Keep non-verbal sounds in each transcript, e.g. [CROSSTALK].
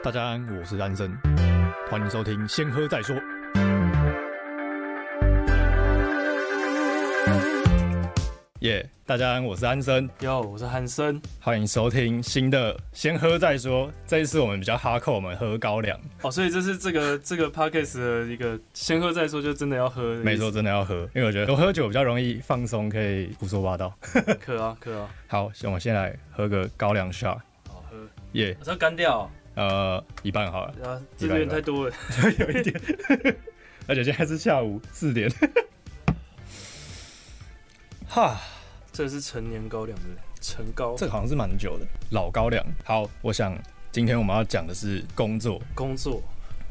大家好，我是安生，歡迎收聽《先喝再說》。耶，大家好，我是安生。yo 我是韓森，歡迎收聽新的《先喝再說》。這一次我們比較哈扣，我們喝高粱。哦，所以這是這個這個 podcast 的一個《先喝再說》，就真的要喝的。沒錯，真的要喝，因為我覺得我喝酒比較容易放鬆，可以胡說八道。 [LAUGHS] 可啊，可啊。好，所以我們先來喝個高粱 shot。好喝。耶、yeah，我要乾掉、哦。呃，一半好了。啊，一半一半，這邊太多了。 [LAUGHS] 有一點， [LAUGHS] 而且現在是下午四點。 [LAUGHS] 哈，這是陳年高粱的陳高，這個好像是蠻久的老高粱。好，我想今天我們要講的是工作，工作。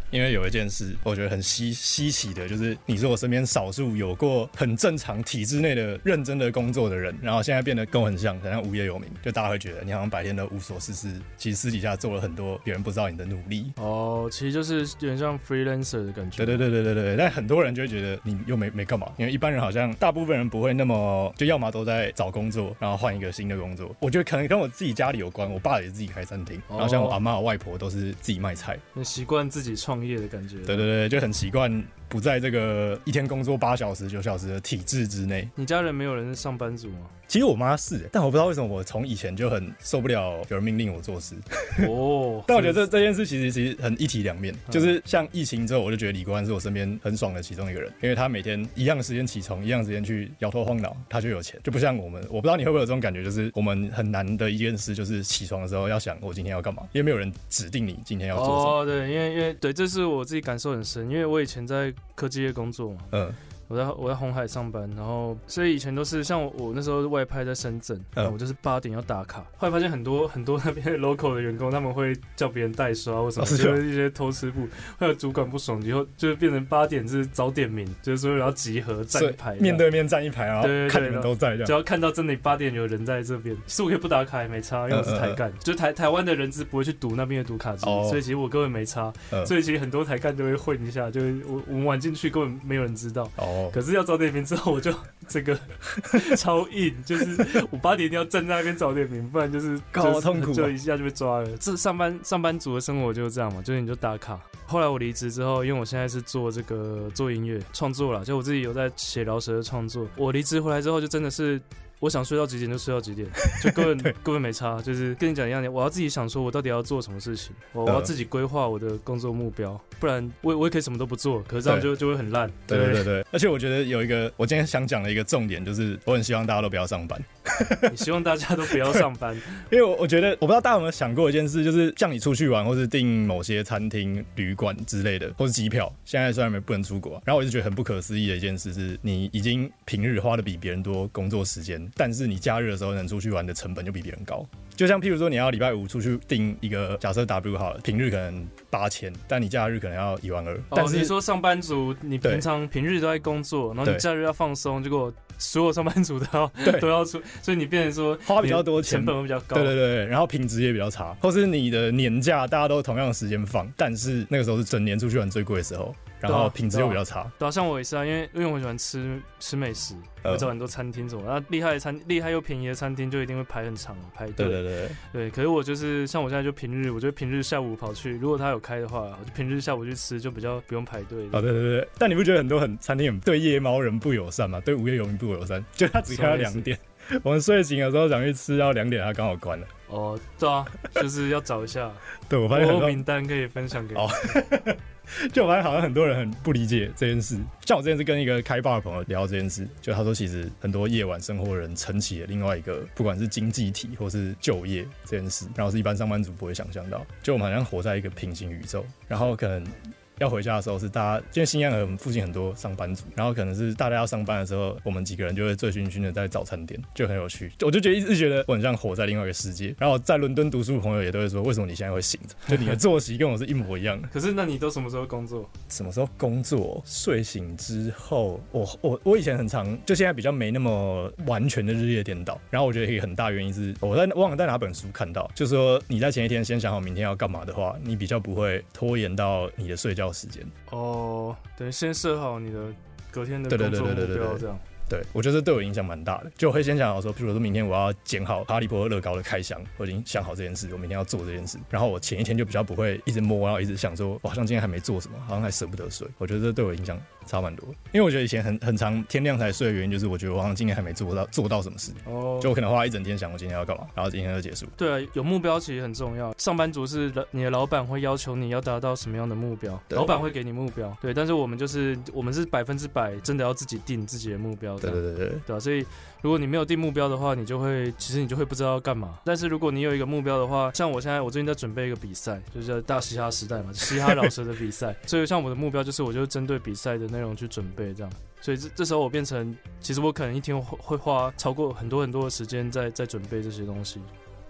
因為有一件事，我覺得很稀稀奇的，就是你是我身邊少數有過很正常體制內的認真的工作的人，然後現在變得跟我很像，好像無業游民，就大家會覺得你好像白天都無所事事，其實私底下做了很多別人不知道你的努力。哦，其實就是有點像 freelancer 的感覺。對對對對對對，但很多人就會覺得你又沒沒幹嘛，因為一般人好像大部分人不會那麼，就要麼都在找工作，然後換一個新的工作。我覺得可能跟我自己家裡有關，我爸也自己開餐廳，哦、然後像我阿媽我外婆都是自己賣菜，習慣自己創。的感覺，對對對，就很習慣。不在這個一天工作八小時、九小時的體制之內。你家人沒有人是上班族嗎？其實我媽是欸，但我不知道為什麼我從以前就很受不了有人命令我做事。哦， [LAUGHS] 但我覺得這是是這件事其實其實很一體兩面，就是像疫情之後，我就覺得李國安是我身邊很爽的其中一個人，因為他每天一樣的時間起床，一樣時間去搖頭晃腦，他就有錢，就不像我們。我不知道你會不會有這種感覺，就是我們很難的一件事，就是起床的時候要想我今天要幹嘛，因為沒有人指定你今天要做事哦,哦,哦對，因為因為對，這是我自己感受很深，因為我以前在。科技業工作嘛。嗯。我在我在鴻海上班，然後所以以前都是像我,我那時候外派在深圳，然後我就是八點要打卡。後來發現很多很多那邊 local 的員工，他們會叫別人代刷或什麼，或者就是一些偷吃步，會有主管不爽，以後就是變成八點就是早點名，就是說要集合站一排，面對面站一排啊，對對,對，看都在，只要看到真的八點有人在這邊，十五天不打卡也沒差，因為我是台幹、呃呃呃，就台台灣的人資不會去讀那邊的讀卡機、哦，所以其實我根本沒差，所以其實很多台幹都會混一下，就是我我們晚進去根本沒有人知道。哦可是要找點名之後，我就這個 [LAUGHS] 超硬，就是我八點一定要站在那邊找點名，不然就是好、啊就是、痛苦、啊，就一下就被抓了。這上班上班族的生活就是這樣嘛，就是你就打卡。後來我離職之後，因為我現在是做這個做音樂創作了，就我自己有在寫饒舌的創作。我離職回來之後，就真的是。我想睡到幾點就睡到幾點，就各位 [LAUGHS] 各位沒差，就是跟你講一樣的。我要自己想說我到底要做什麼事情，我我要自己規劃我的工作目標，不然我我也可以什麼都不做，可是這樣就就會很爛。對對，對對對，而且我覺得有一個我今天想講的一個重點就是，我很希望大家都不要上班。你 [LAUGHS] 希望大家都不要上班，因為我我覺得，我不知道大家有沒有想過一件事，就是像你出去玩，或是訂某些餐廳、旅館之類的，或是機票。現在雖然沒不能出國啊，然後我一直覺得很不可思議的一件事是，你已經平日花的比別人多工作時間，但是你假日的時候能出去玩的成本就比別人高。就像譬如說，你要禮拜五出去訂一個假設 W 好了，平日可能八千，但你假日可能要一萬二。但是你說上班族，你平常平日都在工作，然後你假日要放鬆，結果所有上班族都要都要出。所以你變成說比花比較多錢，成本會比較高。對對對，然後品質也比較差，或是你的年假大家都同樣的時間放，但是那個時候是整年出去玩最貴的時候，然後品質又比較差對、啊對啊對啊。對啊，像我也是啊，因為因為我喜歡吃吃美食，我找很多餐廳什麼，然後厲害的餐厲害又便宜的餐廳就一定會排很長排隊。對，對對對對，可是我就是像我現在就平日，我覺得平日下午跑去，如果他有開的話，我就平日下午去吃就比較不用排隊。啊對對對，但你不覺得很多很餐廳對夜貓人不友善嗎？對午夜遊民不友善，就他只開了兩點。我們睡醒的時候想去吃，到兩點，它剛好關了。哦，對啊，就是要找一下。 [LAUGHS] 對，我發現很多名單可以分享給你。哦， [LAUGHS] 就我發現好像很多人很不理解這件事。像我之前是跟一個開 bar 的朋友聊這件事，就他說其實很多夜晚生活的人，撐起了另外一個，不管是經濟體或是就業這件事，然後是一般上班族不會想象到，就我們好像活在一個平行宇宙，然後可能。要回家的時候是大家，因為新疆和我們附近很多上班族，然後可能是大家要上班的時候，我們幾個人就會醉醺醺的在早餐店，就很有趣。就我就覺得一直覺得我很像活在另外一個世界。然後在倫敦讀書的朋友也都會說，為什麼你現在會醒著？就你的作息跟我是一模一樣的。可是那你都什麼時候工作？什麼時候工作？睡醒之後，我我我以前很常，就現在比較沒那麼完全的日夜顛倒。然後我覺得一個很大原因是，我在我忘了在哪本書看到，就說你在前一天先想好明天要幹嘛的話，你比較不會拖延到你的睡覺時間哦，oh, 等於先設好你的隔天的工作，對對對對，對，對這樣。對，我覺得這對我影響蠻大的，就我會先想好說，譬如說明天我要剪好哈利波特樂高的開箱，我已經想好這件事，我明天要做這件事，然後我前一天就比較不會一直摸，然後一直想說，我好像今天還沒做什麼，好像還捨不得睡。我覺得這對我影響、嗯。差蠻多，因為我覺得以前很很常天亮才睡的原因，就是我覺得我好像今天還沒做到做到什麼事，哦、oh,，就我可能花一整天想我今天要幹嘛，然後今天就結束。對啊，有目標其實很重要。上班族是你的老闆會要求你要達到什麼樣的目標，對老闆會給你目標，對。但是我們就是我們是百分之百真的要自己定自己的目標，對對對對，對吧、啊？所以如果你沒有定目標的話，你就會其實你就會不知道要幹嘛。但是如果你有一個目標的話，像我現在我最近在準備一個比賽，就是大嘻哈時代嘛，嘻哈饒舌的比賽。 [LAUGHS] 所以像我的目標就是，我就針對比賽的那。內容去準備，這樣，所以這這時候我變成，其實我可能一天會會花超過很多很多的時間在在準備這些東西。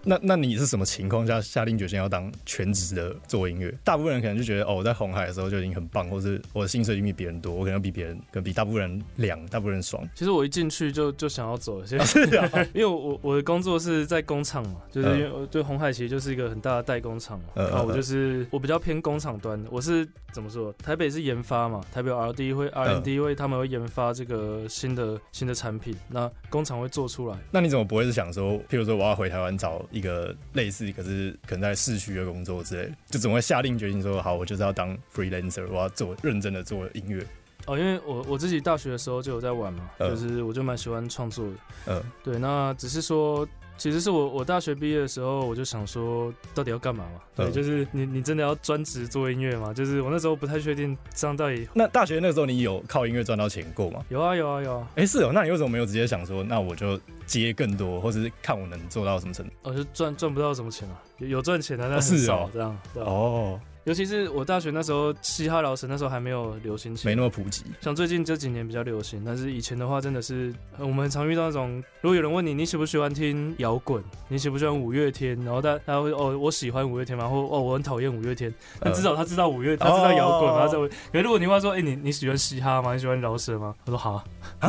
那那你是什麼情況下下定決心要當全職的做音樂？大部分人可能就覺得，哦，我在鴻海的時候就已經很棒，或是我的薪水比別人多，我可能比別人，可能比大部分人涼，大部分人爽。其實我一進去就就想要走了現在、 [LAUGHS] 哦，因為我我的工作是在工廠嘛，就是因為我對鴻海其實就是一個很大的代工廠，那、嗯、我就是我比較偏工廠端的，我是怎麼說？台北是研發嘛，台北有 RD R D 會 R&D 會，他們會研發這個新的新的產品，那工廠會做出來。那你怎麼不會是想說，譬如說我要回台灣找？一個類似，可是可能在市區的工作之類的，就總會下定決心說：好，我就是要當 freelancer，我要做，認真的做音樂。哦，因為我我自己大學的時候就有在玩嘛，呃、就是我就蠻喜歡創作的。嗯、呃，對，那只是說，其實是我我大學畢業的時候，我就想說，到底要幹嘛嘛、呃？對，就是你你真的要專職做音樂嗎？就是我那時候不太確定這樣到底。那大學那個時候你有靠音樂賺到錢過嗎？有啊有啊有。啊。哎、啊欸，是哦，那你為什麼沒有直接想說，那我就接更多，或是看我能做到什麼程度？哦，就賺賺不到什麼錢啊，有賺錢的、啊，但是很少這樣。哦。尤其是我大學那時候，嘻哈饒舌那時候還沒有流行起來，沒那麼普及。像最近這幾年比較流行，但是以前的話，真的是、呃、我們很常遇到那種，如果有人問你，你喜不喜歡聽搖滾？你喜不喜歡五月天？然後他他會哦，我喜歡五月天嘛，或哦，我很討厭五月天。但至少他知道五月，呃、他知道搖滾、哦。然後這位，可是如果你問說，哎、欸，你你喜歡嘻哈嗎？你喜歡饒舌嗎？他說好啊，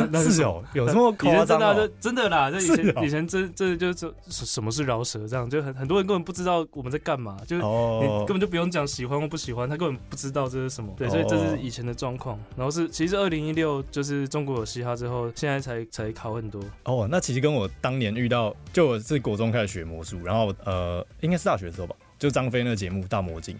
那是，什 [LAUGHS] 是、哦、有有這麼誇張嗎、哦？真的啦，真的啦，就以前、哦、以前真真的就是什麼是饒舌這樣，就很很多人根本不知道我們在幹嘛，就是、哦、你根本就不用講喜。朋友不喜歡他，根本不知道這是什麼，對，所以這是以前的狀況。Oh. 然後是，其實二零一六就是中國有嘻哈之後，現在才才好很多。哦、oh,，那其實跟我當年遇到，就我是國中開始學魔術，然後呃，應該是大學的時候吧，就張菲那個節目《大魔競》。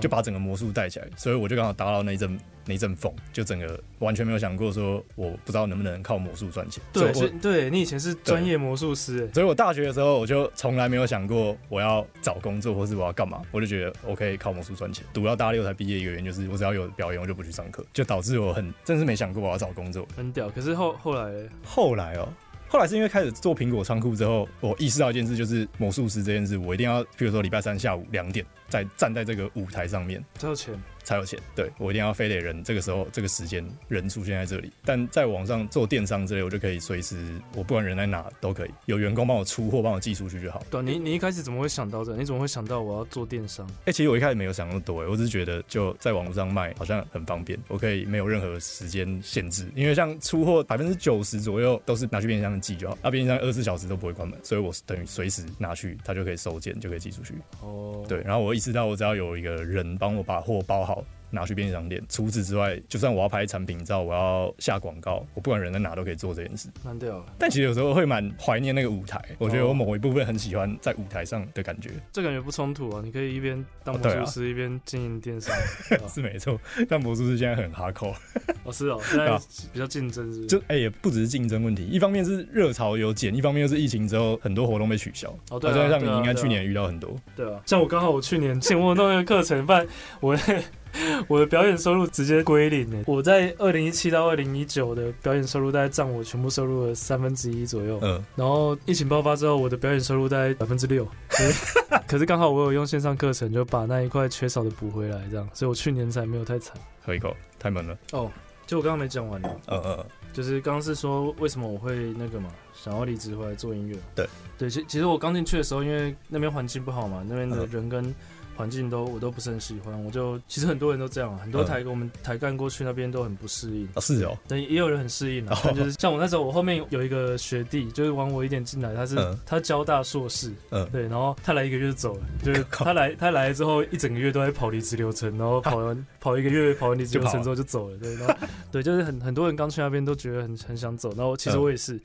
就把整個魔術帶起來，所以我就剛好搭到那一陣那一陣風，就整個完全沒有想過說，我不知道能不能靠魔術賺錢。對，我，對，你以前是專業魔術師。所以我大學的時候我就從來沒有想過我要找工作或是我要幹嘛，我就覺得我可以靠魔術賺錢。讀到大六才畢業一個原因，就是我只要有表演我就不去上課，就導致我很真是沒想過我要找工作。很屌，可是後後來後來哦，後來是因為開始做蘋果倉庫之後，我意識到一件事，就是魔術師這件事，我一定要，譬如說禮拜三下午兩點。在站在這個舞台上面，才有錢，才有錢。對，我一定要非得人這個時候、這個時間人出現在這裡。但在網上做電商之類，我就可以隨時，我不管人在哪都可以，有員工幫我出貨，幫我寄出去就好。對，你你一開始怎麼會想到這？你怎麼會想到我要做電商？哎，其實我一開始沒有想那麼多，哎，我只是覺得就在網絡上賣好像很方便，我可以沒有任何時間限制，因為像出貨百分之九十左右都是拿去便利商店寄就好，那便利商店二十四小時都不會關門，所以我等於隨時拿去，它就可以收件，就可以寄出去。哦，對，然後我意識到我只要有一個人幫我把貨包好。拿去便利商店。除此之外，就算我要拍產品照，我要下廣告，我不管人在哪都可以做這件事。但其實有時候會蠻懷念那個舞台、哦。我覺得我某一部分很喜歡在舞台上的感覺。這感覺不衝突啊，你可以一邊當魔術師、哦啊、一邊經營電商。啊、 [LAUGHS] 是沒錯，但魔術師現在很哈扣、哦。我是哦、喔，現在比較競爭是是、啊、就哎，也、欸、不只是競爭問題，一方面是熱潮有減，一方面又是疫情之後很多活動被取消。好、哦、對對、啊、像你應該去年遇到很多。對啊。對啊對啊對啊對啊，像我剛好我去年請我弄那個課程， [LAUGHS] 不然我。 [LAUGHS] 我的表演收入直接歸零。我在二零一七到二零一九的表演收入大概占我全部收入的三分之一左右。嗯，然後疫情爆發之後，我的表演收入大概百分之六。 [LAUGHS] 可是剛好我有用線上課程，就把那一塊缺少的補回來，這樣，所以我去年才沒有太慘。喝一口，太猛了。哦，就我剛剛沒講完呢。嗯嗯，就是剛剛是說為什麼我會那個嘛，想要離職回來做音樂。對對，其其實我剛進去的時候，因為那邊環境不好嘛，那邊的人跟、oh。Oh 環境都我都不是很喜歡，我就其實很多人都這樣啊，很多台，嗯、我們台幹過去那邊都很不適應啊，是哦，但也有人很適應啊，哦、就是像我那時候，我後面有一個學弟，就是往我一點進來，他是，嗯、他交大碩士，嗯，對，然後他來一個月就走了，嗯、就是他來他來了之後一整個月都在跑離職流程，然後跑完跑一個月跑完離職流程之後就走了，了對，然後 [LAUGHS] 對，就是很很多人剛去那邊都覺得很很想走，然後其實我也是。嗯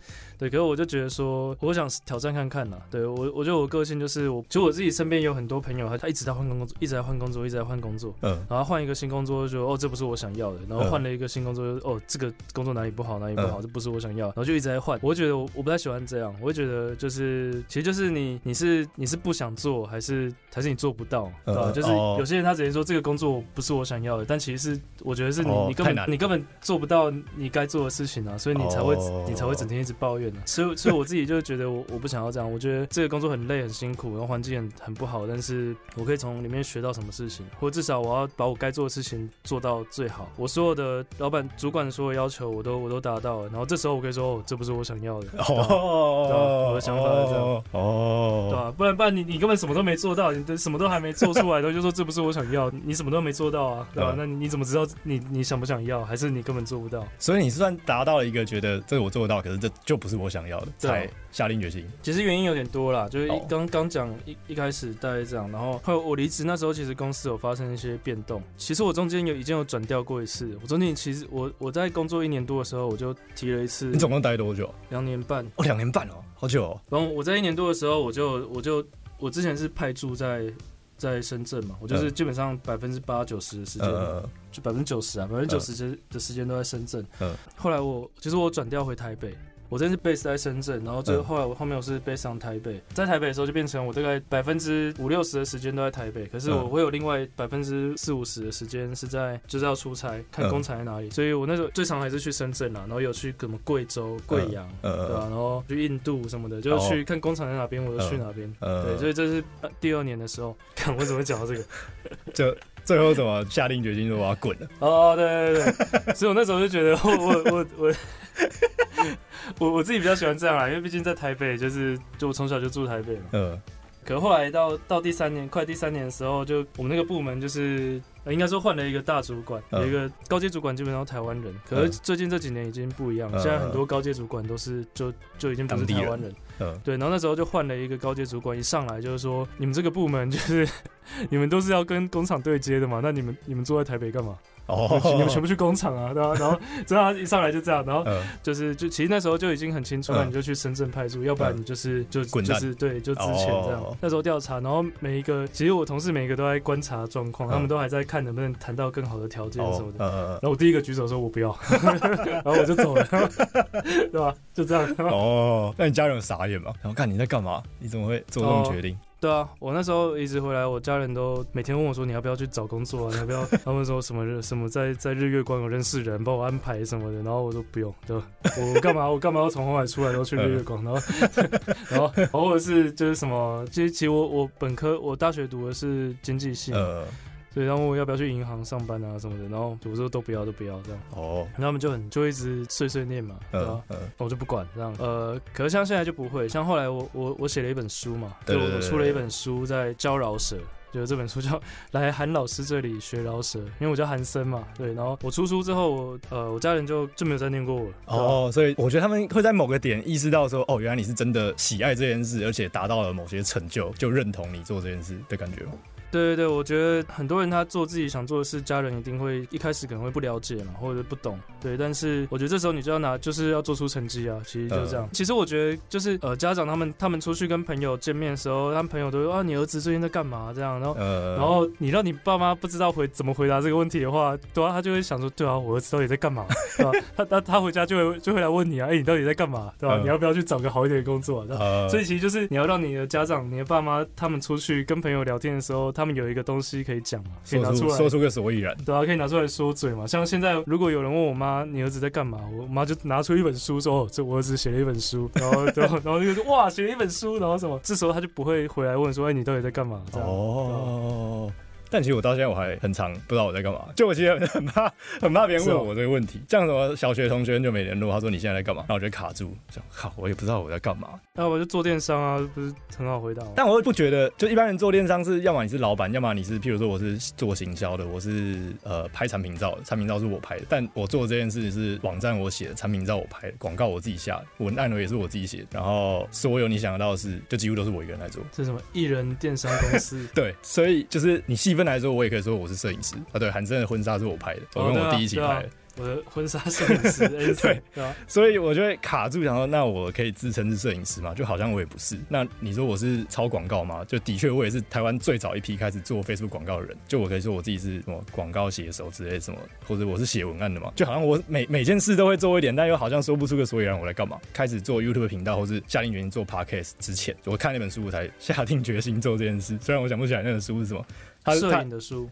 對，可是我就覺得說，我想挑戰看看啦。對我，我覺得我個性就是我，其實我自己身邊有很多朋友，他他一直在換工作，一直在換工作，一直在換工作。嗯。然後換一個新工作就覺得哦，這不是我想要的。然後換了一個新工作就是哦，這個工作哪裡不好，哪裡不好，嗯、這不是我想要的。然後就一直在換。我會覺得我我不太喜歡這樣。我會覺得就是，其實就是你你是你是不想做，還是還是你做不到、嗯？啊，就是有些人他只能說、哦、這個工作不是我想要的，但其實是我覺得是你、哦、你根本你根本做不到你該做的事情啊，所以你才會、哦、你才會整天一直抱怨。 [LAUGHS] 所以，所以我自己就覺得我，我我不想要這樣。我覺得這個工作很累、很辛苦，然後環境很很不好。但是，我可以從裡面學到什麼事情，或至少我要把我該做的事情做到最好。我所有的老闆、主管所有要求我，我都我都達到了。然後這時候，我可以說，喔，這不是我想要的。Oh. 想法這樣哦，對吧、啊？不然不然，你你根本什麼都沒做到，你都什麼都還沒做出來，他就說這不是我想要，你什麼都沒做到啊，對吧、啊？ [LAUGHS] 啊、那你怎麼知道你你想不想要，還是你根本做不到？所以你是算達到了一個覺得這個我做得到，可是這就不是我想要的，才下定決心。其實原因有點多啦，就是剛剛講一一開始大概這樣，然後我離職那時候，其實公司有發生一些變動。其實我中間有已經有轉調過一次，我中間其實我我在工作一年多的時候，我就提了一次。你總共待多久？兩年半哦，兩年半哦。好久，然後我在一年多的時候我，我就我就我之前是派駐在在深圳嘛，我就是基本上百分之八九十的時間、呃，就百分之九十啊，百分之九十的時間都在深圳。呃、後來我其實、就是、我轉調回台北。我真是 base 在深圳，然後最後來我後面我是 base 上台北、嗯，在台北的時候就變成我大概百分之五六十的時間都在台北，可是我會有另外百分之四五十的時間是在就是要出差看工廠在哪裡、嗯，所以我那時候最常還是去深圳啦，然後有去什麼貴州貴陽、嗯嗯嗯，對吧、啊？然後去印度什麼的，就去看工廠在哪邊、哦、我就去哪邊、嗯嗯，對，所以這是第二年的時候。嗯、看我怎麼講到這個，就最後怎麼下定決心說我要滾了。哦，對對對，對， [LAUGHS] 所以我那時候就覺得我我我我。我我 [LAUGHS] 我 [LAUGHS] 我自己比較喜歡這樣啊，因為畢竟在台北、就是，就是就我從小就住台北嘛。嗯。可後來到到第三年，快第三年的時候就，就我們那個部門就是應該說換了一個大主管，嗯、有一個高階主管，基本上是台灣人。可是最近這幾年已經不一樣了、嗯，現在很多高階主管都是就就已經不是台灣人，人。嗯。對，然後那時候就換了一個高階主管，一上來就是說，你們這個部門就是你們都是要跟工廠對接的嘛，那你們你們坐在台北幹嘛？哦、oh.，你們全部去工廠啊，對吧、啊？然後這他、 [LAUGHS] 啊、一上來就這樣，然後就是就其實那時候就已經很清楚，了，oh. 你就去深圳派駐，要不然你就是就、oh. 就是、就是、對，就之前這樣。Oh. 那時候調查，然後每一個其實我同事每一個都在觀察狀況，oh. 他們都還在看能不能談到更好的條件什麼的。Oh. 然後我第一個舉手說我不要，oh. [LAUGHS] 然後我就走了， [LAUGHS] [LAUGHS] [LAUGHS] 對吧、啊？就這樣。哦、oh. [LAUGHS] ，oh. 那你家人有傻眼嗎？然後看你在幹嘛？你怎麼會做這種決定？Oh. 對啊，我那時候一直回來，我家人都每天問我說：“你要不要去找工作啊？你要不要？”他們說什麼日什麼在在日月光有認識人，幫我安排什麼的。然後我說不用，對吧？ [LAUGHS] 我幹嘛？我幹嘛要從鴻海出來都去日月光？然後 [LAUGHS] [LAUGHS] 然後或者是就是什麼？其實其實我我本科我大學讀的是經濟系。呃對，然後問我要不要去銀行上班啊什麼的？然後我說都不要，都不要這樣。哦、oh.。然後他們就很就一直碎碎念嘛。嗯嗯。然後我就不管這樣。呃，可是像現在就不會，像後來我我我寫了一本書嘛，就我出了一本書在教饒舌，就這本書叫來韓老師這裡學饒舌，因為我叫韓森嘛。對。然後我出書之後我，呃，我家人就就沒有再念過我了。哦、oh.，oh. 所以我覺得他們會在某個點意識到說，哦，原來你是真的喜愛這件事，而且達到了某些成就，就認同你做這件事的感覺。對對對，我覺得很多人他做自己想做的事，家人一定會一開始可能會不了解嘛，或者不懂。對，但是我覺得這時候你就要拿，就是要做出成績啊。其實就是這樣。Uh, 其實我覺得就是呃，家長他們他們出去跟朋友見面的時候，他們朋友都會說啊，你兒子最近在幹嘛？這樣，然後、uh, 然後你讓你爸媽不知道回怎麼回答這個問題的話，對啊，他就會想說，對啊，我兒子到底在幹嘛，對吧、啊？ [LAUGHS] 他他他回家就會就會來問你啊，哎，你到底在幹嘛，對吧、啊？Uh, 你要不要去找個好一點的工作、啊？對啊 uh, 所以其實就是你要讓你的家長、你的爸媽他們出去跟朋友聊天的時候，他。他們有一個東西可以講嘛，可以拿出來說出個所以然，對啊，可以拿出來說嘴嘛。像現在，如果有人問我媽：“你兒子在幹嘛？”我媽就拿出一本書說：“喔，這我兒子寫了一本書。”然後， [LAUGHS] 然後，就說：“哇，寫了一本書，然後什麼？”這時候他就不會回來問說：“哎，欸，你到底在幹嘛？”這樣哦。但其實我到現在我還很長不知道我在幹嘛，就我其實很怕很怕別人問我這個問題，像、喔、什麼小學同學就沒聯絡，他說你現在在幹嘛，那我就卡住，靠，我也不知道我在幹嘛。那、啊、我就做電商啊，不是很好回答。但我又不覺得，就一般人做電商是，要麼你是老板，要麼你是，譬如說我是做行銷的，我是呃拍產品照的，產品照是我拍的，但我做這件事是網站我寫的，產品照我拍的，廣告我自己下的，文案也是我自己寫，然後所有你想得到的事，就幾乎都是我一個人來做。這是什麼一人電商公司？ [LAUGHS] 對，所以就是你細分。來說，我也可以說我是攝影師啊。對，韓森的婚紗是我拍的，oh, 我跟我弟一起拍的，啊啊。我的婚紗攝影師 S, [LAUGHS] 對，對，啊，所以我就會卡住，想說，那我可以自稱是攝影師嗎？就好像我也不是。那你說我是超廣告嗎？就的確，我也是台灣最早一批開始做 Facebook 廣告的人。就我可以說我自己是什麼廣告寫手之類，什麼，或者我是寫文案的嘛？就好像我每每件事都會做一點，但又好像說不出個所以然。我來幹嘛？開始做 YouTube 頻道，或是下定決心做 Podcast 之前，我看那本書我才下定決心做這件事。雖然我想不起來那本書是什麼。攝影的書，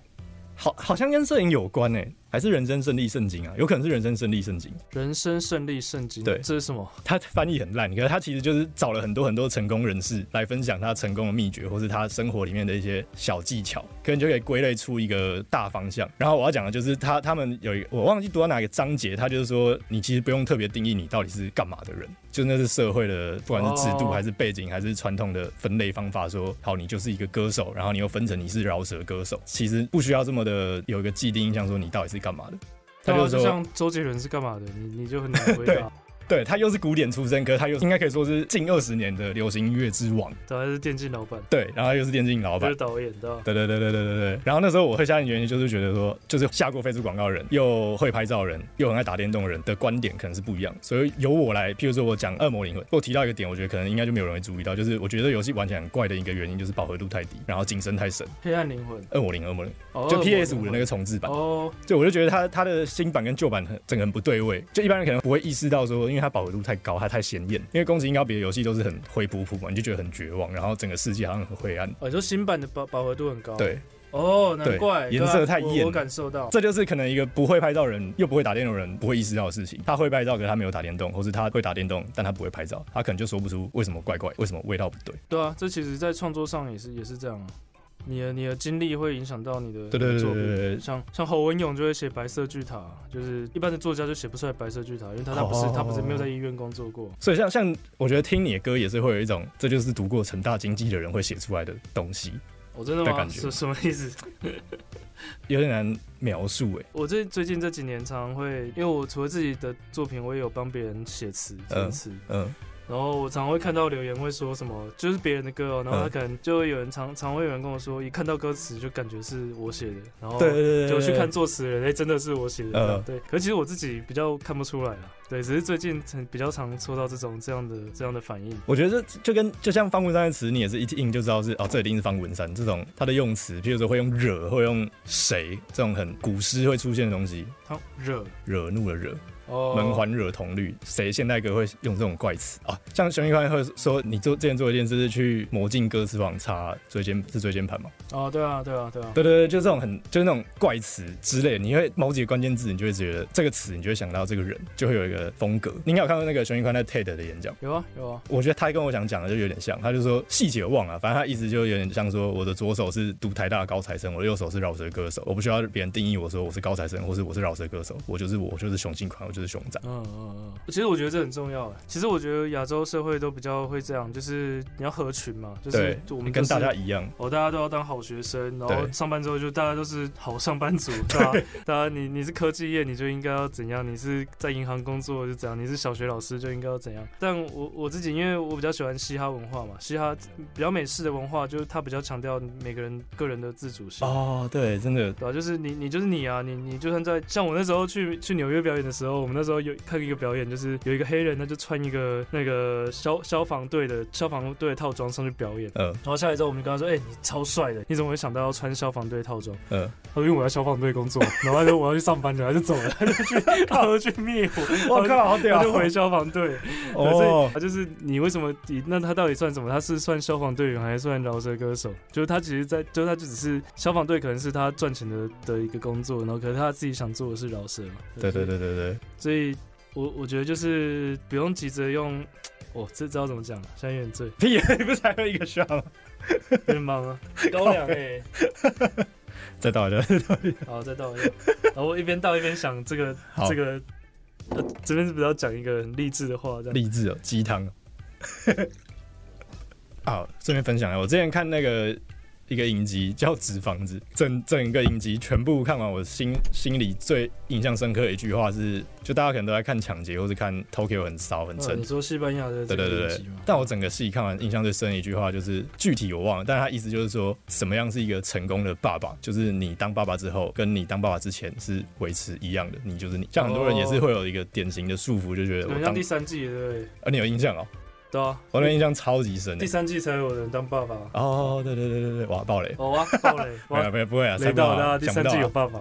好，好像跟攝影有關誒、欸，還是人生勝利聖經啊？有可能是人生勝利聖經。人生勝利聖經，對，這是什麼？他翻譯很爛，可是他其實就是找了很多很多成功人士來分享他成功的秘訣，或是他生活裡面的一些小技巧，可能就可以歸類出一個大方向。然後我要講的就是他他們有一個，我忘記讀到哪個章節，他就是說，你其實不用特別定義你到底是幹嘛的人。就那是社會的，不管是制度還是背景還是傳統的分類方法，說好你就是一個歌手，然後你又分成你是饒舌歌手，其實不需要這麼的有一個既定印象，說你到底是幹嘛的他就、哦。就是說，像周杰倫是幹嘛的，你你就很難回答。 [LAUGHS] 對，他又是古典出身，可是他又是應該可以說是近二十年的流行音樂之王。對，他是電競老板。對，然後又是電競老板，是，老就是導演的。對，哦、對，對，對對對對對對對。然後那時候我會下定原因就是覺得說，就是下過 Facebook 廣告人，又會拍照人，又很愛打電動的人的觀點可能是不一樣的，所以由我來，譬如說我講《惡魔靈魂》，我提到一個點，我覺得可能應該就沒有人會注意到，就是我覺得遊戲完全很怪的一個原因就是飽和度太低，然後景深太深。黑暗靈魂、惡魔靈、惡魔靈，就 PS 五的那個重置版。哦。就我就覺得他他的新版跟舊版很整個很不對位，就一般人可能不會意識到說，因為。它飽和度太高，它太鮮豔，因為《宮崎英高別的遊戲都是很灰撲撲嘛，你就覺得很絕望，然後整個世界好像很灰暗。我、哦、說新版的飽飽和度很高，對，哦、oh，難怪顏、啊、色太豔。我感受到，這就是可能一個不會拍照的人，又不會打電動的人不會意識到的事情。他會拍照，可是他沒有打電動，或是他會打電動，但他不會拍照，他可能就說不出為什麼怪怪，為什麼味道不對。對啊，這其實，在創作上也是也是這樣。你的你的經歷會影響到你的對對對對對，作品，像像侯文詠就會寫白色巨塔，就是一般的作家就寫不出來白色巨塔，因為他他不是、哦、他不是沒有在醫院工作過。所以像像我覺得聽你的歌也是會有一種這就是讀過成大經濟的人會寫出來的東西，我、哦、真的沒感覺什什麼意思？ [LAUGHS] 有點難描述哎、欸，我最最近這幾年常常會，因為我除了自己的作品，我也有幫別人寫詞填詞，嗯。嗯然後我常,常會看到留言，會說什麼就是別人的歌哦、喔，然後他可能就有人常、嗯、常會有人跟我說，一看到歌詞就感覺是我寫的，然後就去看作詞人，哎、欸，真的是我寫的。嗯、對，可是其實我自己比較看不出來啊，對，只是最近很比較常收到這種這樣的這樣的反應。我覺得這就跟就像方文山的詞，你也是一聽就知道是哦，這一定是方文山這種他的用詞，譬如說會用惹，會用誰，這種很古詩會出現的東西。他惹，惹怒了惹。門環惹銅綠，誰現代歌會用這種怪詞啊？像熊仔會說，你做之前做一件事是去魔鏡歌詞網查椎間是椎間盤嗎？哦，對啊，對啊，對啊，對對，對，就是、這種很就是那種怪詞之類，你會某幾個關鍵字，你就會覺得這個詞，你就會想到這個人，就會有一個風格。你應該有看過那個熊仔在 TED 的演講，有啊有啊，我覺得他跟我想講的就有點像，他就說細節忘了，反正他一直就有點像說，我的左手是讀台大的高材生，我的右手是饒舌歌手，我不需要別人定義我說我是高材生或是我是饒舌歌手，我就是我，我就是熊仔，我就是，熊仔，嗯嗯嗯，嗯，其實我覺得這很重要哎、欸，其實我覺得亞洲社會都比較會這樣，就是你要合群嘛。就是我們、就是、跟大家一樣，哦，大家都要當好學生，然後上班之後就大家都是好上班族，大家大家，你你是科技業，你就應該要怎樣？你是在銀行工作就怎樣？你是小學老師就應該要怎樣？但我我自己因為我比較喜歡嘻哈文化嘛，嘻哈比較美式的文化，就是他比較強調每個人，個人個人的自主性。哦，對，真的，對、啊，就是你你就是你啊，你你就算在像我那時候去去紐約表演的時候。那時候有看一個表演，就是有一個黑人，他就穿一個那個消消防隊的消防隊套裝上去表演。嗯，然後下來之後，我們就跟他說：“哎、欸，你超帥的，你怎麼會想到要穿消防隊套裝？”嗯，他說：“因為我要消防隊工作。 [LAUGHS] ”然後他說：“我要去上班。”然後他就走了，他就去， [LAUGHS] 他就去滅火。我 [LAUGHS] 靠！對，好屌就回消防隊。哦，所以，就是你為什麼？那他到底算什麼？他是算消防隊員還是算饒舌歌手？就是他其實在，在就他就只是消防隊，可能是他賺錢的的一個工作。然後，可是他自己想做的是饒舌嘛。對對對對對。所以，我我覺得就是不用急着用。我這知道怎麼講了，有原罪，你不是還有一個需要嗎？真 [LAUGHS] 忙啊！高粱哎，再倒一點，好，再倒一點。然後一邊倒一邊想這個這個，呃、這邊是不是要講一個很勵志的話子？勵志哦，雞湯。 [LAUGHS] 好，順便分享一下，我之前看那個。一個影集叫《紙房子》，整整個影集全部看完，我心心裡最印象深刻的一句話是：就大家可能都在看搶劫，或者看 Tokyo 很騷很沉。很多西班牙的，對對對，但我整個戲看完，印象最深的一句話就是具體我忘了，但他意思就是說，什麼樣是一個成功的爸爸？就是你當爸爸之後，跟你當爸爸之前是維持一樣的，你就是你。像很多人也是會有一個典型的束縛，就覺得我當第三季的對。而你有印象喔。對啊，我那印象超級深。第三季才有人當爸爸、啊。哦，對對對對對，哇，爆雷。我、oh, 啊、爆雷，哇 [LAUGHS] 不會不會啊，雷到的、啊。第三季有爸爸，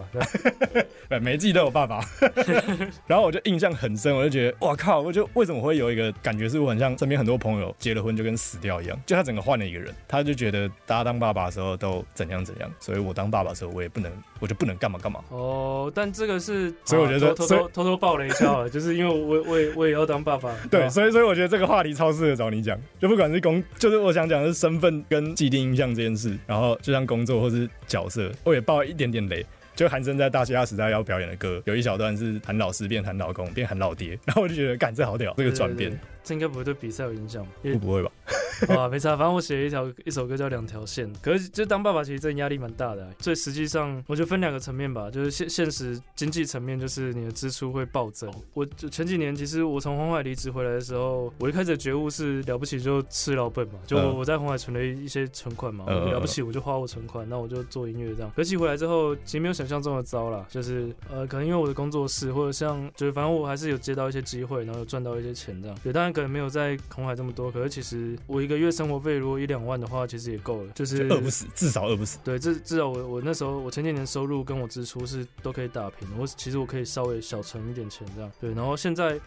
對，每一季都有爸爸。 [LAUGHS] [LAUGHS] 然後我就印象很深，我就覺得，哇靠，我就為什麼會有一個感覺，是我很像身邊很多朋友結了婚就跟死掉一樣，就他整個換了一個人，他就覺得大家當爸爸的時候都怎樣怎樣，所以我當爸爸的時候我也不能，我就不能幹嘛幹嘛。哦，但這個是，啊、所以我覺得說偷偷偷偷爆雷一下好了， [LAUGHS] 就是因為我我也我也要當爸爸，對，啊、所以所以我覺得這個話題超適合找你講，就不管是工，就是我想講的是身份跟既定印象這件事。然後就像工作或是角色，我也爆了一點點雷。就韓森在大嘻哈時代要表演的歌，有一小段是韓老師，變韓老公，變韓老爹。然後我就覺得，幹這好屌，這個轉變。對對對，這應該不會對比賽有影響不，不會吧？ [LAUGHS] 哇、 [LAUGHS] 哦啊，沒差，反正我寫了一條一首歌叫《兩條線》。可是，就當爸爸其實真的壓力蠻大的、欸。所以實際上，我覺得分兩個層面吧，就是現現實經濟層面，就是你的支出會暴增。Oh. 我就前幾年其實我從鴻海離職回來的時候，我一開始的覺悟是了不起就吃老本嘛，就我在鴻海存了一些存款嘛，oh. 了不起我就花我存款，那我就做音樂這樣。可惜回來之後，其實沒有想象中的糟啦，就是呃，可能因為我的工作室或者像，就是反正我還是有接到一些機會，然後有賺到一些錢這樣。對，當然可能沒有在鴻海這麼多，可是其實我一。一個月生活費如果一兩萬的話，其實也夠了，就是餓不死，至少餓不死。對，至至少我我那時候我前幾年收入跟我支出是都可以打平，我其實我可以稍微小存一點錢這樣。對，然後現在。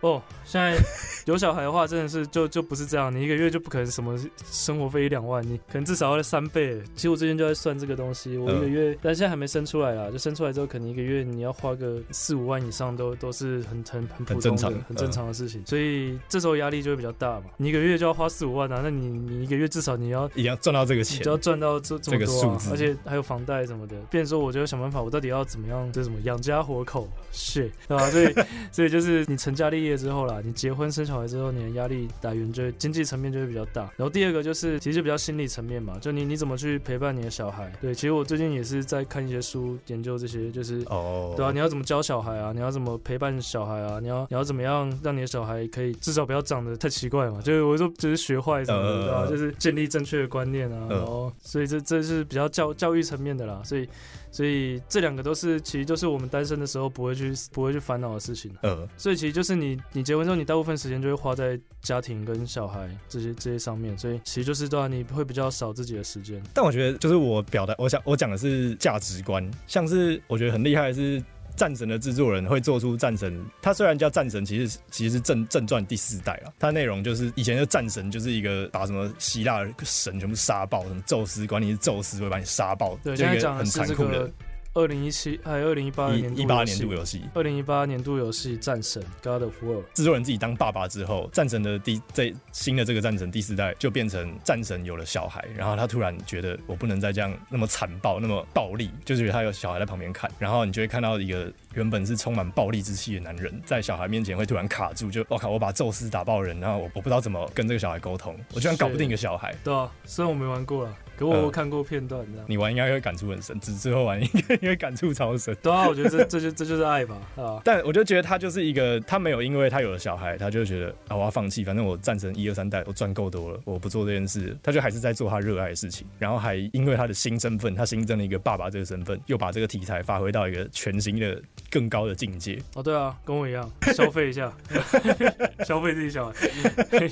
哦、oh,，現在有小孩的話，真的是就就不是這樣。你一個月就不可能什麼生活費一兩萬，你可能至少要三倍。其實我最近就在算這個東西，我一個月，嗯、但現在還沒生出來啊，就生出來之後，可能一個月你要花個四五萬以上都，都都是很很很普通的、很正常,很正常的事情、嗯。所以這時候壓力就會比較大嘛。你一個月就要花四五萬啊，那你你一個月至少你要也要賺到這個錢，你就要賺到這這麼多、啊這個數字，而且還有房貸什麼的。變成說我就想辦法，我到底要怎麼樣？這、就是、什麼養家活口，是，對吧、啊？所以 [LAUGHS] 所以就是你成家立業。畢業之後啦，你結婚生小孩之後，你的壓力來源就經濟層面就會比較大。然後第二個就是，其實就比較心理層面嘛，就你你怎麼去陪伴你的小孩。對，其實我最近也是在看一些書，研究這些，就是哦，oh. 對啊，你要怎麼教小孩啊？你要怎麼陪伴小孩啊？你要你要怎麼樣讓你的小孩可以至少不要長得太奇怪嘛？就是我就就,就是學壞什麼的、uh. 啊，就是建立正確的觀念啊。Uh. 然後所以這這是比較教教育層面的啦，所以。所以這兩個都是，其實就是我們單身的時候不會去、不會去煩惱的事情、啊。呃，所以其實就是你，你結婚之後，你大部分時間就會花在家庭跟小孩這些、這些上面。所以其實就是對啊，你會比較少自己的時間。但我覺得，就是我表達，我想我講的是價值觀，像是我覺得很厲害的是。戰神的制作人會做出戰神，他雖然叫戰神其，其實其實是正正傳第四代了。他內容就是以前的戰神就是一個把什麼希臘神全部殺爆，什麼宙斯管你是宙斯會把你殺爆，對，就一個很殘酷的，現在講的是這個二零一七還有二零一八年一八年度遊戲，二零一八年度遊戲《戰神》God of War，制作人自己當爸爸之後，戰神的第最新的這個戰神第四代就變成戰神有了小孩，然後他突然覺得我不能再這樣那麼殘暴那麼暴力，就是他有小孩在旁邊看，然後你就會看到一個原本是充滿暴力之氣的男人在小孩面前會突然卡住，就我靠、oh、我把宙斯打爆人，然後我我不知道怎麼跟這個小孩溝通，我居然搞不定一個小孩。對啊，雖然我沒玩過了。給我有有看過片段、呃，你玩應該會感觸很深，只最後玩應該會感觸超深。對啊，我覺得這這就這就是愛吧，啊！ [LAUGHS] 但我就覺得他就是一個，他沒有因為他有了小孩，他就覺得啊、哦，我要放棄，反正我戰神一二三代，我賺夠多了，我不做這件事，他就還是在做他熱愛的事情。然後還因為他的新身份，他新增了一個爸爸這個身份，又把這個題材發揮到一個全新的、更高的境界。哦，對啊，跟我一樣，消費一下， [LAUGHS] [LAUGHS] 消費自己小孩。嗯、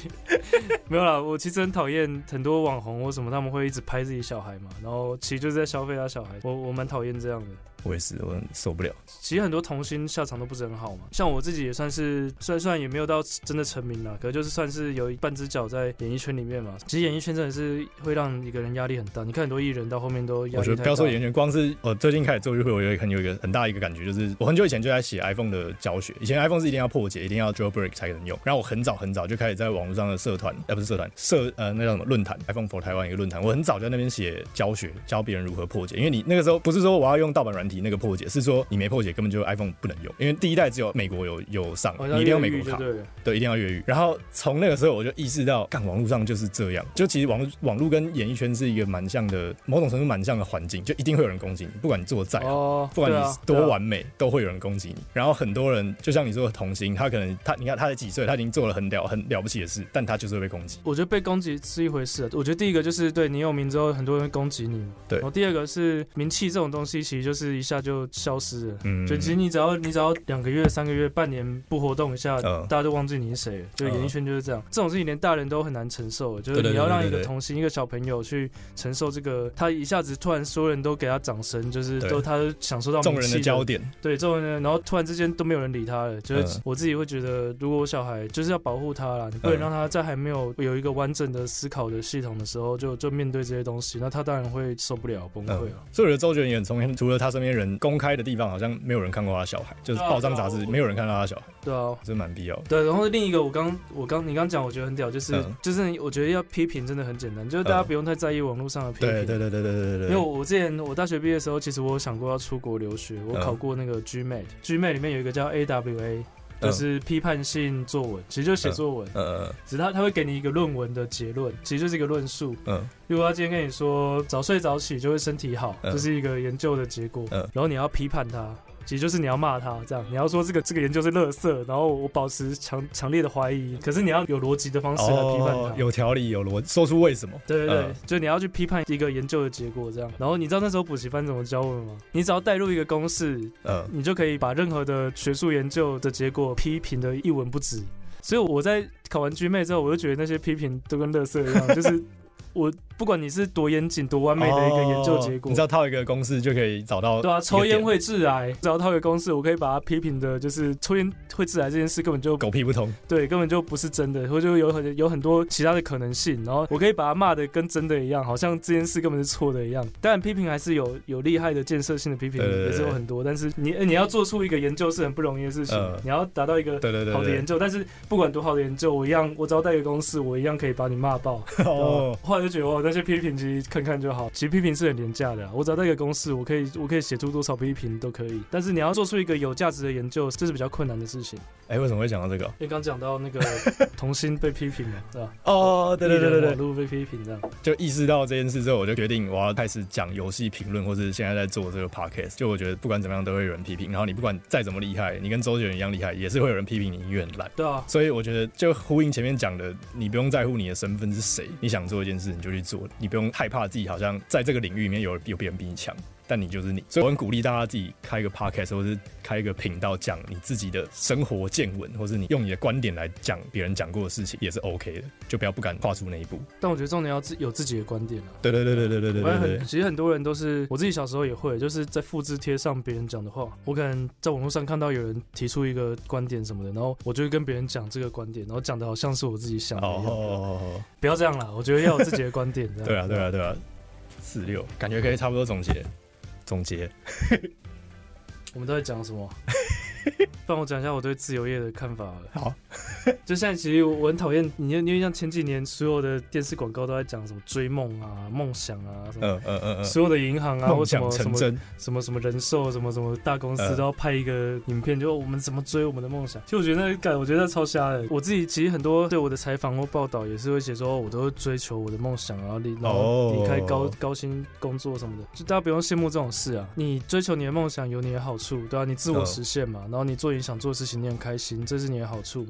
[LAUGHS] 沒有啦，我其實很討厭很多網紅，為什麼他們會一直拍？愛自己小孩嘛，然後其實就是在消費他小孩，我我蠻討厭這樣的。我也是，我很受不了。其實很多童星下場都不是很好嘛，像我自己也算是，雖然雖然也沒有到真的成名啦，可是就是算是有一半只腳在演藝圈裡面嘛。其實演藝圈真的是會讓一個人壓力很大。你看很多藝人到後面都壓力大。我覺得不要說演員，光是我最近開始做就會，我有很有一個很大一個感覺，就是我很久以前就在寫 iPhone 的教學。以前 iPhone 是一定要破解，一定要 Jailbreak 才能用。然後我很早很早就開始在網絡上的社團，哎、欸、不是社團社呃那叫什麼論壇，iPhone for 台灣一個論壇，我很早就在那邊寫教學，教別人如何破解。因為你那個時候不是說我要用盜版軟體。你那個破解是說你沒破解，根本就 iPhone 不能用，因為第一代只有美國有有上、哦，你一定要美國卡，對，一定要越獄。然後從那個時候我就意識到，幹網絡上就是這樣，就其實網路網絡跟演藝圈是一個蠻像的，某種程度蠻像的環境，就一定會有人攻擊你，不管你做的再好、哦，不管你多完美，啊啊、都會有人攻擊你。然後很多人就像你說的童星，他可能他你看他才幾歲，他已經做了很了很了不起的事，但他就是會被攻擊。我覺得被攻擊是一回事、啊，我覺得第一個就是對你有名之後，很多人會攻擊你，對。然後第二個是名氣這種東西，其實就是一些。下就消失了、嗯，就其實你只要你只要兩個月、三個月、半年不活動一下，哦、大家都忘記你是誰了。就演藝圈就是這樣、哦，這種事情連大人都很難承受。就是對對對對對對對，你要讓一個童星、一個小朋友去承受這個，他一下子突然所有人都給他掌聲，就是都他享受到眾人的焦點，對眾人，然後突然之間都沒有人理他了。就是我自己會覺得，如果我小孩就是要保護他了，你不能讓他在還沒有有一個完整的思考的系統的時候，就就面對這些東西，那他當然會受不了崩潰了、嗯。所以我覺得周杰倫很聰明，除了他身邊。些人公開的地方，好像沒有人看過他小孩，啊、就是報章雜誌，沒有人看到他小孩。對啊，這蠻必要。對，然後另一個我，我剛我剛你剛講，我覺得很屌，就是、嗯、就是我覺得要批評真的很簡單，就是大家不用太在意網絡上的批評、嗯。對對對對對對對，對，對。因為我之前我大學畢業的時候，其實我想過要出國留學，我考過那個 GMAT，GMAT、嗯、裡面有一個叫 AWA。就是批判性作文，uh, 其實就寫作文。Uh, uh, uh, 只是他他會給你一個論文的結論，其實就是一個論述。Uh, 如果他今天跟你說早睡早起就會身體好，這、uh, 是一個研究的結果，uh, 然後你要批判他。其實就是你要罵他這樣，你要說這個這個研究是垃圾，然後我，我保持強強烈的懷疑。可是你要有邏輯的方式來批判他，哦、有條理、有邏輯，說出為什麼。對對對，嗯，就你要去批判一個研究的結果這樣。然後你知道那時候補習班怎麼教我嗎？你只要帶入一個公式，呃、嗯，你就可以把任何的學術研究的結果批評得一文不值。所以我在考完 GMAT 之後，我就覺得那些批評都跟垃圾一樣，就是我。 [LAUGHS] 不管你是多嚴謹、多完美的一個研究結果，oh, 你只要套一個公式就可以找到。對啊，抽煙會致癌，只要套一個公式，我可以把它批評的，就是抽煙會致癌這件事根本就狗屁不通，對，根本就不是真的，或者就有很有很多其他的可能性，然後我可以把它罵的跟真的一樣，好像這件事根本是錯的一樣。當然批評還是有有厲害的建設性的批評，也是有很多。對對對對，但是你，欸、你要做出一個研究是很不容易的事情，uh, 你要達到一個好的研究，對對對對。但是不管多好的研究，我一樣我只要帶一個公式，我一樣可以把你罵爆。 [LAUGHS] 然後，後來就覺得。那些批評其實看看就好，其實批評是很廉價的、啊。我只要一個公式，我可以我可以寫出多少批評都可以。但是你要做出一個有價值的研究，這是比較困難的事情。哎、欸，為什麼會講到這個？因為剛講到那個童心被批評嘛，是 [LAUGHS] 吧、啊？哦、oh,，對對對對，網路被批評這樣。就意識到這件事之後，我就決定我要開始講遊戲評論，或是現在在做這個 podcast。就我覺得不管怎麼樣，都會有人批評。然後你不管再怎麼厲害，你跟周杰倫一樣厲害，也是會有人批評你，你越爛。對啊。所以我覺得就呼應前面講的，你不用在乎你的身份是誰，你想做一件事你就去做。你不用害怕自己，好像在這個領域裡面有有別人比你強。但你就是你，所以我很鼓勵大家自己開一個 podcast 或者是開一個頻道，講你自己的生活見聞，或是你用你的觀點來講別人講過的事情，也是 OK 的，就不要不敢跨出那一步。但我覺得重點要自有自己的觀點。對對對對對對對對，對，對，對，對。其實很多人都是，我自己小時候也會，就是在複製貼上別人講的話。我可能在網絡上看到有人提出一個觀點什麼的，然後我就會跟別人講這個觀點，然後講的好像是我自己想的。哦，不要這樣啦，我覺得要有自己的觀點。對啊對啊對啊，四六、啊啊、感覺可以差不多總結。總結 [LAUGHS] ，我們都在講什麼？幫 [LAUGHS] 我講一下我對自由業的看法。好。 [LAUGHS] 就現在，其實我很討厭你，因為像前幾年所有的電視廣告都在講什麼追夢啊、夢想啊什麼，嗯嗯嗯、嗯，所有的銀行啊或什麼什麼什麼什麼人壽什麼什麼大公司、嗯、都要拍一個影片，就我們怎麼追我們的夢想。就我覺得那個感，我覺得超瞎的。我自己其實很多對我的採訪或報道也是會寫說，我都會追求我的夢想，然後離、哦、然後離開高高薪工作什麼的。就大家不用羨慕這種事啊！你追求你的夢想有你的好處，對吧、啊？你自我實現嘛、哦，然後你做你想做的事情，你很開心，這是你的好處。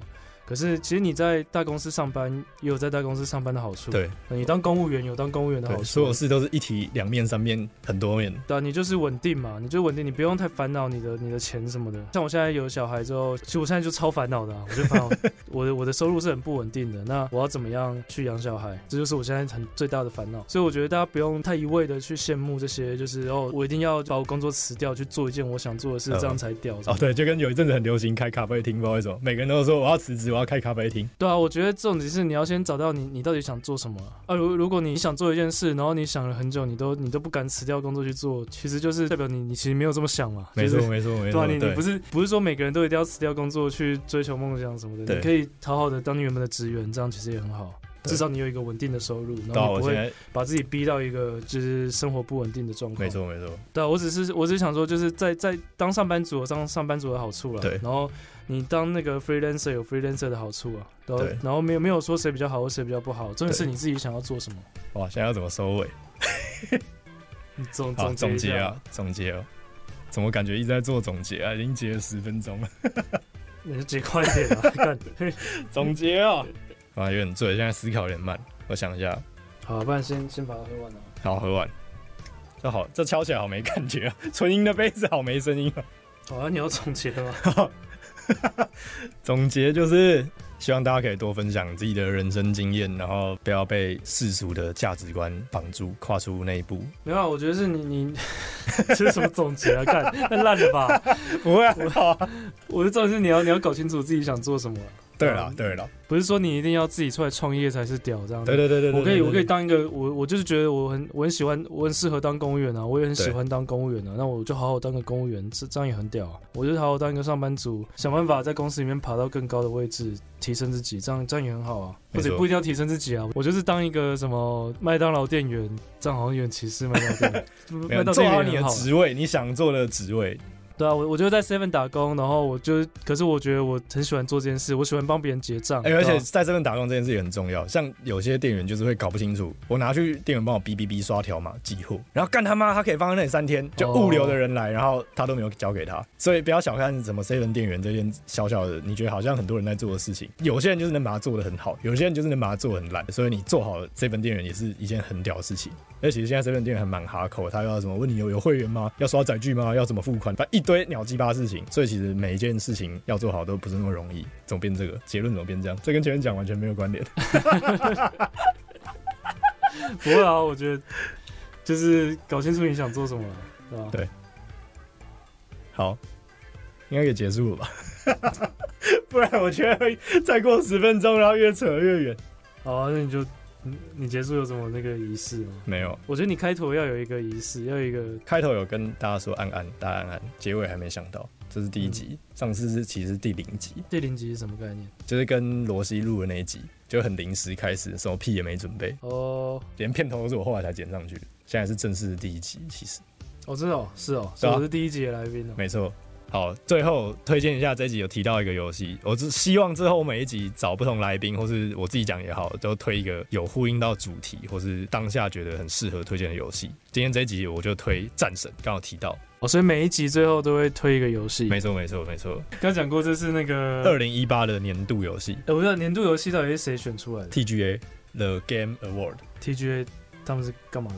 可是，其實你在大公司上班，也有在大公司上班的好處。對，你當公務員有當公務員的好處。所有事都是一體兩面、三面很多面。對，你就是穩定嘛，你就穩定，你不用太煩惱你的、你的錢什麼的。像我現在有小孩之後，其實我現在就超煩惱的、啊，我就煩惱 [LAUGHS] 我的、我的收入是很不穩定的。那我要怎麼樣去養小孩？這就是我現在很最大的煩惱。所以我覺得大家不用太一味的去羨慕這些，就是哦，我一定要把我工作辭掉去做一件我想做的事，哦、這樣才屌。哦，對，就跟有一陣子很流行開咖啡廳，不知道為什麼每個人都說我要辭職。要開咖啡廳？對啊，我覺得這種只是你要先找到你，你到底想做什麼啊？如、啊、如果你想做一件事，然後你想了很久，你都你都不敢辭掉工作去做，其實就是代表你你其實沒有這麼想嘛。就是、沒錯沒錯沒錯，對啊，你你不是不是說每個人都一定要辭掉工作去追求夢想什麼的，你可以好好的當你原本的職員，這樣其實也很好。至少你有一個穩定的收入，然後不會把自己逼到一個就是生活不穩定的狀況。沒錯沒錯。對，我只是我只是想說，就是在在當上班族有，當上班族的好處了。對。然後你當那個 freelancer 有 freelancer 的好處啊。對。對然後沒有沒有說誰比較好或誰比較不好，真的是你自己想要做什麼。哇，想要怎麼收尾？ [LAUGHS] [LAUGHS] 你總好總結啊，總結哦。怎麼感覺一直在做總結啊？已經結了十分鐘了。那 [LAUGHS] 就結快點啊！看， [LAUGHS] 總結哦了。 [LAUGHS] 有點醉，現在思考有點慢。我想一下，好，不然先先把它喝完啊。好，喝完。這好，這敲起來好沒感覺啊。純銀的杯子好沒聲音啊。啊、哦，你要總結嗎？ [LAUGHS] 總結就是希望大家可以多分享自己的人生經驗，然後不要被世俗的價值觀綁住，跨出那一步。沒有，我覺得是你你 [LAUGHS] 這是什麼總結啊？看， [LAUGHS] 那爛了吧？ [LAUGHS] 不會啊，啊我就重點是你要你要搞清楚自己想做什麼、啊。對啦，對啦，不是說你一定要自己出來創業才是屌這樣？對對對對，我可以，我可以當一個我，我就是覺得我很我很喜歡，我很適合當公務員啊，我也很喜歡當公務員啊，那我就好好當個公務員，這這樣也很屌啊。我就好好當一個上班族，想辦法在公司裡面爬到更高的位置，提升自己，這樣這樣也很好啊。或者不，不一定要提升自己啊，我就是當一個什麼麥當勞店員，這樣好像有點歧視麥當勞。麥當勞店員， [LAUGHS] 勞店員很好、啊、做好，你的職位你想做的職位。對啊，我我就在 seven 打工，然後我就，可是我覺得我很喜歡做這件事，我喜歡幫別人結賬。哎、欸，而且在 seven 打工這件事也很重要，像有些店員就是會搞不清楚，我拿去店員幫我嗶嗶嗶刷條嘛，寄貨，然後幹他媽，他可以放在那裡三天，就物流的人來，oh. 然後他都沒有交給他，所以不要小看什麼 seven 店員這件小小的，你覺得好像很多人在做的事情，有些人就是能把它做得很好，有些人就是能把它做得很爛，所以你做好了 seven 店員也是一件很屌的事情。而且現在 seven 店員還蠻哈口，他又要什麼問你有有會員嗎？要刷載具嗎？要怎麼付款？他一。對，鳥雞巴事情，所以其實每一件事情要做好都不是那麼容易，總變這個結論，總變這樣，這跟前面講完全沒有關聯。 [LAUGHS] [LAUGHS] 不過啊，我覺得就是搞清楚你想做什麼了，對、啊、對，好，應該也結束了吧？ [LAUGHS] 不然我覺得再過十分鐘，然後越扯越遠。好、啊，那你就。你結束有什麼那個儀式嗎？沒有，我覺得你開頭要有一個儀式，要有一個開頭有跟大家說安安，大家安安，結尾還沒想到，這是第一集，嗯、上次是其實是第零集，第零集是什麼概念？就是跟羅西錄的那一集，就很臨時開始，什麼屁也沒準備哦，連片頭都是我後來才剪上去，現在是正式第一集，其實，哦，是哦，是哦，啊、我是第一集的來賓呢、哦，沒錯。好，最後推薦一下這一集有提到一個遊戲，我只希望之後每一集找不同來賓，或是我自己講也好，都推一個有呼應到主題，或是當下覺得很適合推薦的遊戲。今天這一集我就推《戰神》，剛好提到。哦，所以每一集最後都會推一個遊戲，沒錯沒錯沒錯。剛講過這是那個二零一八的年度遊戲，哎、欸，我不知道年度遊戲到底是誰選出來的？TGA The Game Award，TGA 他們是幹嘛的？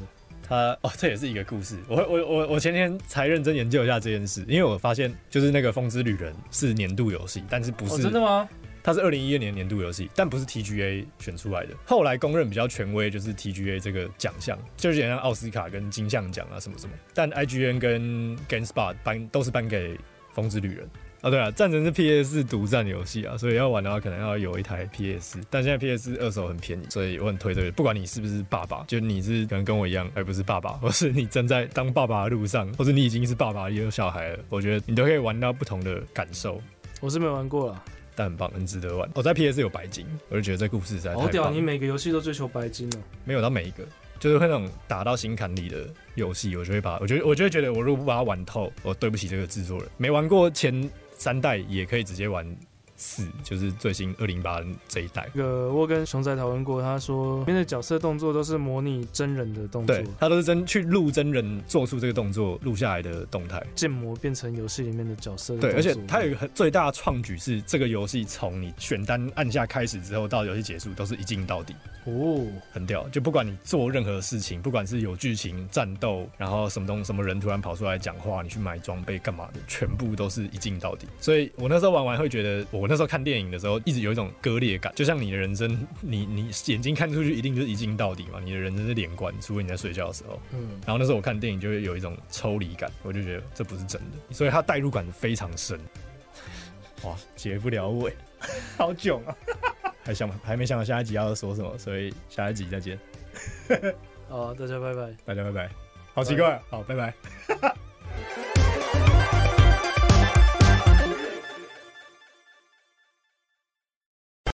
呃哦，這也是一個故事。我我我我前天才認真研究一下這件事，因為我發現就是那個《風之旅人》是年度遊戲，但是不是、哦、真的嗎？它是二零一二年的年度遊戲，但不是 TGA 選出來的。後來公認比較權威就是 TGA 這個獎項，就是像奧斯卡跟金像獎啊什麼什麼。但 IGN 跟 GameSpot 頒都是頒給《風之旅人》。啊，對啊，戰神是 PS 獨佔遊戲啊，所以要玩的話可能要有一台 PS。但現在 PS 二手很便宜，所以我很推這個。不管你是不是爸爸，就你是可能跟我一樣，而不是爸爸，或是你正在當爸爸的路上，或是你已經是爸爸有小孩了，我覺得你都可以玩到不同的感受。我是沒玩過啦，但很棒，很值得玩。我、哦、在 PS 有白金，我就覺得這故事在好屌，哦。你每個遊戲都追求白金哦？沒有，到每一個就是會那種打到心坎裡的遊戲，我就會把，我就我就會覺得我如果不把它玩透，我、哦、對不起這個制作人。沒玩過前。三代也可以直接玩。四就是最新二零一八這一代。呃，我跟熊仔討論過，他說裡面的角色動作都是模擬真人的動作，他都是真去錄真人做出這個動作錄下來的動態，建模變成遊戲裡面的角色。對，而且他有一個很最大的創舉是，這個遊戲從你選單按下開始之後到遊戲結束都是一鏡到底哦，很屌！就不管你做任何事情，不管是有劇情戰鬥，然後什麼東什麼人突然跑出來講話，你去買裝備幹嘛的，全部都是一鏡到底。所以我那時候玩完會覺得我。那時候看電影的時候，一直有一種割裂感，就像你的人生，你你眼睛看出去一定就是一鏡到底嘛，你的人生是連貫，除非你在睡覺的時候。嗯，然後那時候我看電影就會有一種抽離感，我就覺得這不是真的，所以它代入感非常深。哇，結不了尾，好囧啊！還想還沒想到下一集要說什麼，所以下一集再見。好啊，大家拜拜，大家拜拜，好奇怪，好，好，拜拜。